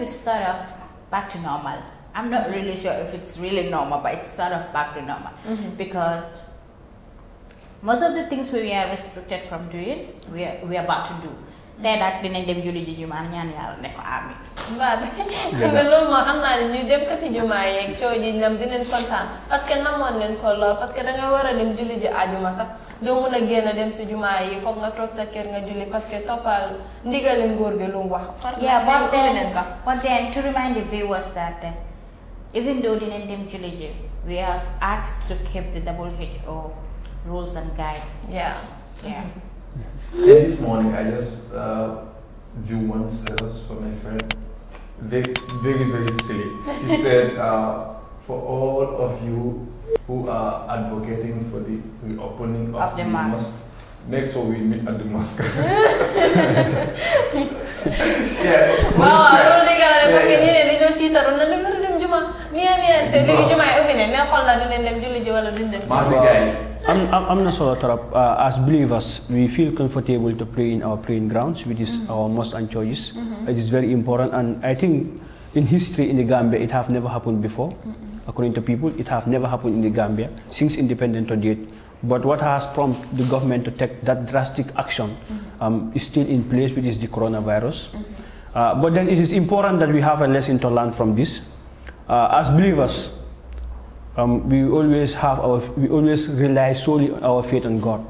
life is sort of back to normal. I'm not mm-hmm. really sure if it's really normal, but it's sort of back to normal mm-hmm. because most of the things we are restricted from doing, we are, we are about to do. det dina jam judi di jumaannya nih al deko ami bad iya, kanga ya. ya. lu mo xam na ñu dem kati jumaa yeeg ciow ji ñam dinañ contant parce que namoon leen ko lo parce que da nga wara dem julli ji ajuma sax do mun a dem ci juma yi fokk nga tok sa kër nga julli parce que toppal ndigale nguur bi lu wax far yeah, but then, but then to remind the viewers that uh, even though dinañ dem julli ji we are asked to keep the double O rules and guide yeah yeah mm -hmm. And this morning, I just uh, view one status for my friend. Very, very, very silly. He said, uh, for all of you who are advocating for the reopening of, of the, the mosque, next one we meet at the mosque. yeah. Wow, I don't think I'll ever get in and don't eat around the Juma. Near, near, the Juma, I open and now call that in them, Julie Joel I'm, I'm not sure, Uh, as believers, we feel comfortable to pray in our praying grounds, which is mm -hmm. our most and Mm -hmm. It is very important, and I think in history in the Gambia, it has never happened before. Mm -hmm. According to people, it has never happened in the Gambia since independence to date. But what has prompted the government to take that drastic action mm-hmm. um, is still in place, which is the coronavirus. Mm-hmm. Uh, but then it is important that we have a lesson to learn from this. Uh, as believers, um, we always have our, we always rely solely on our faith in God.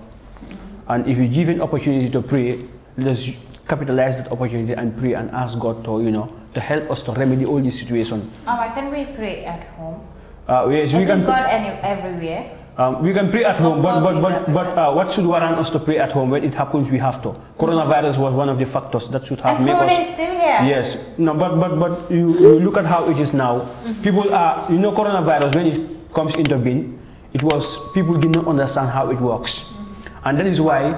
And if you give an opportunity to pray, let us capitalize that opportunity and pray and ask God to, you know, to help us to remedy all these situations. Alright, can we pray at home? Uh, yes, we can. God any, everywhere? Um, we can pray at home, but but but, but uh, what should warrant us to pray at home? When it happens, we have to. Coronavirus was one of the factors that should have and made us. still here. Yes, no, but but but you, you look at how it is now. People are, you know, coronavirus when it comes into being, it was people did not understand how it works, and that is why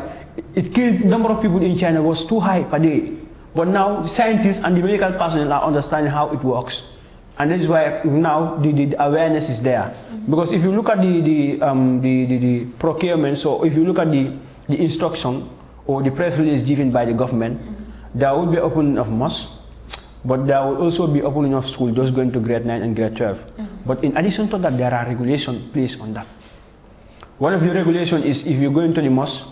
it killed number of people in China was too high per day. But now scientists and the medical personnel are understanding how it works and that's why now the, the awareness is there. Because if you look at the the, um, the, the, the procurement, so if you look at the, the instruction or the press release given by the government, mm -hmm. there will be opening of mosques, but there will also be opening of schools, those going to grade 9 and grade 12. Mm -hmm. But in addition to that, there are regulations placed on that. One of the regulation is if you go into the mosque,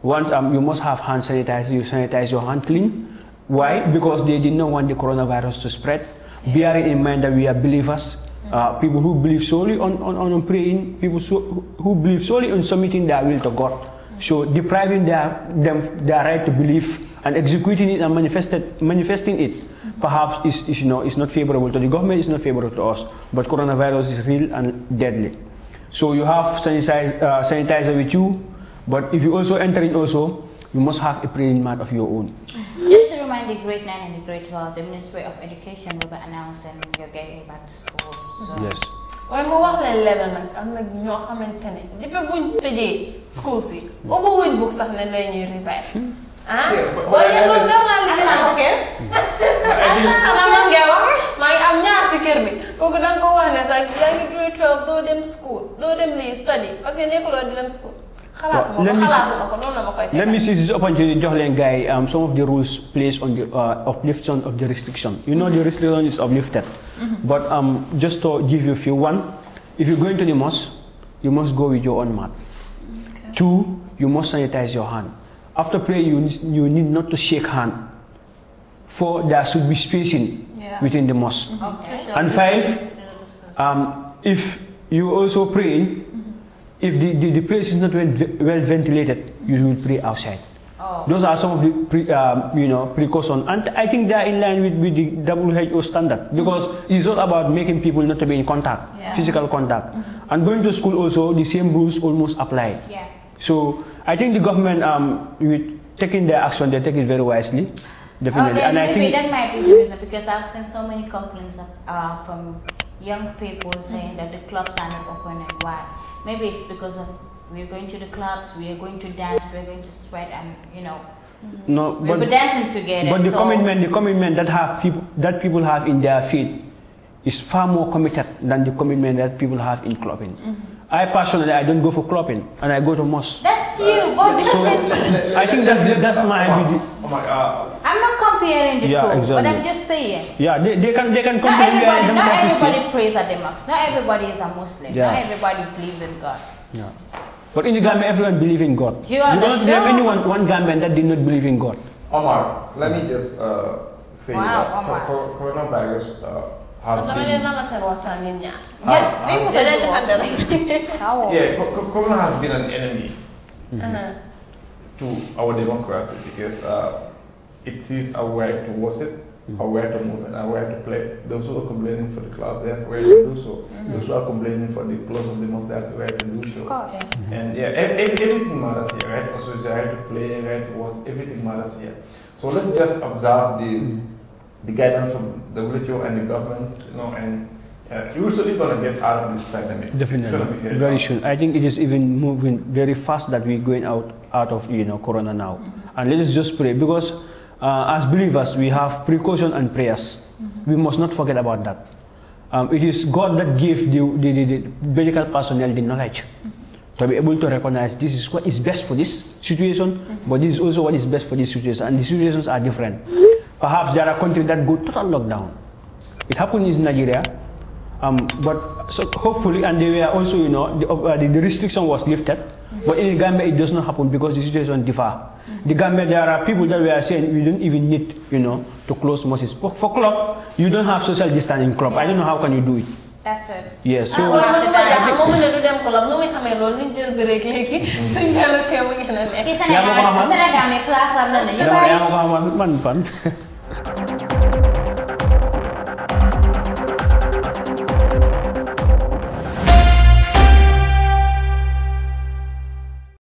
once um, you must have hand sanitizer, you sanitize your hand clean. Why? Because they did not want the coronavirus to spread bearing in mind that we are believers, uh, people who believe solely on, on, on praying, people so, who believe solely on submitting their will to God. So depriving their, them their right to believe and executing it and manifested, manifesting it perhaps is, is, you know, is not favorable to the government, it's not favorable to us. But coronavirus is real and deadly. So you have sanitize, uh, sanitizer with you, but if you also enter in also, you must have a praying mat of your own joined the grade 9 and the grade 12, the Ministry of Education will be announcing you're getting back to school. So. Yes. waaye mu wax leen lenn nag am na ñoo xamante ne depuis buñ tëjee school si ubbi wuñ bugg sax ne lay ñuy revise ah waaye yéen loolu gëm naa li dina ko kenn xanaa man ngay wax maa ngi am ñaar si kër bi kooku da nga ko wax ne sax yaa ngi grade 12 doo dem school doo dem lii study parce que nekkuloo di dem school let me see, let me see this opportunity jox leen gars guy. Um, some of the rules placed on the uh, of the restriction you know the restriction is uplifted mm-hmm. but um, just to give you a few one if you're going to the mosque you must go with your own mat okay. two you must sanitize your hand after prayer you, you need not to shake hand four there should be spacing yeah. within the mosque mm-hmm. okay. and five um, if you also praying if the, the, the, place is not well, well ventilated, you will pray outside. Oh. Those are some of the pre, um, you know precautions, and I think they are in line with, with the WHO standard because mm -hmm. it's all about making people not to be in contact, yeah. physical contact, mm -hmm. and going to school also the same rules almost apply. Yeah. So I think the government um with taking their action, they take it very wisely, definitely. Okay, and I think that might be reason because I've seen so many complaints of, uh, from young people saying that the clubs are not open and why. Maybe it's because of we're going to the clubs, we're going to dance, we're going to sweat, and you know. No, we but, dancing together. But the so commitment, the commitment that have people that people have in their feet, is far more committed than the commitment that people have in clubbing. Mm -hmm. I personally, I don't go for clubbing, and I go to mosque. That's you. What so, I think that's that's my oh idea. Oh my god. I'm not comparing the yeah, two, exactly. but I'm just saying. Yeah, they, they can they can compare. Not everybody, not everybody prays at the mosque. Not everybody is a Muslim. Yeah. Not everybody believes in God. Yeah. But in the so, Gambia, everyone believes in God. You, you don't have anyone one Gambian that did not believe in God. Omar, let me just uh, say wow, that co- coronavirus uh, has been. yeah, yeah, co- corona has been an enemy -hmm. to our democracy because uh, it is way to watch it, mm-hmm. to move, and way to play. Those who are complaining for the club, they have way to do so. Mm-hmm. Those who are complaining for the close of the most, they have way to do so. Of course. Mm-hmm. And yeah, everything matters here, right? Also, the right to play, right to watch, everything matters here. So let's just observe the mm-hmm. the guidance from the WHO and the government, you know, and we are certainly going to get out of this pandemic. Definitely, very soon. I think it is even moving very fast that we're going out out of you know Corona now, mm-hmm. and let us just pray because uh, as believers we have precaution and prayers. Mm -hmm. We must not forget about that. Um, it is God that gave the, the, the, the medical personnel the knowledge mm -hmm. to be able to recognize this is what is best for this situation, mm -hmm. but this is also what is best for this situation, and the situations are different. Mm-hmm. Perhaps there are countries that go total lockdown. It happened in Nigeria Um, but so hopefully, and they were also, you know, the, uh, the, the restriction was lifted. But in Gambia, it does not happen because the situation differ. Mm -hmm. The Gambia, there are people that we are saying we don't even need, you know, to close mosques. For, for club, you don't have social distancing club. I don't know how can you do it. That's right. Yes. Yeah, so. Ah,